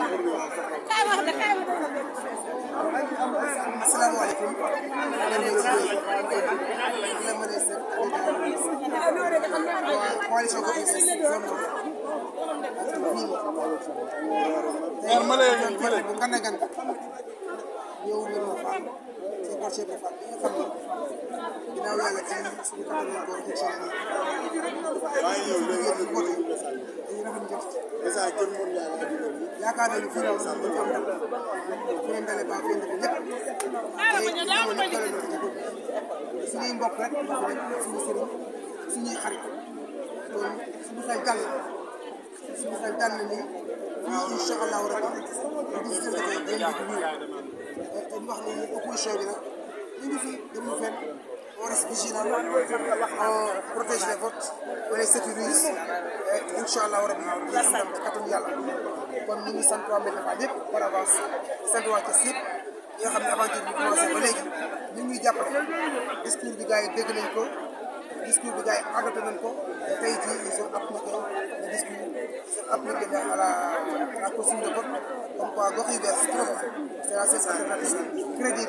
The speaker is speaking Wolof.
asalaamaaleykum coalition Gueule Tapée Sall male male bu gànna gànna yow ngir ma faam ci quartier bi faam bi nga xam ne ginnaaw yàlla ci suñu kàttan ko ci yaakaar naa ne fii moom sax dañu am ndam fi ñu dalee baax fi ñu def ñëpp tey suñuy mbokk rek mbokk rek suñu sëriñ suñuy xarit kon suñu xel dal suñu xel ni fii incha allahu rabbi si jëlee day nekk nii wax ni opposition bi nag ñu ngi fi demul fenn on reste vigilant on incha allah rabi ñu ngi dem yàlla kon ñu ngi sant waa Medina par avance sant waa Thiès xam ne aventure bi commencé ba léegi ñu ngi jàppale discours bi gars yi dégg nañ ko discours bi gars yi adopté nañ ko te tey jii ils ont appliqué le discours ils ont appliqué la à la à la consigne de vote comme quoi gox yu bees trop c'est la CESA crédit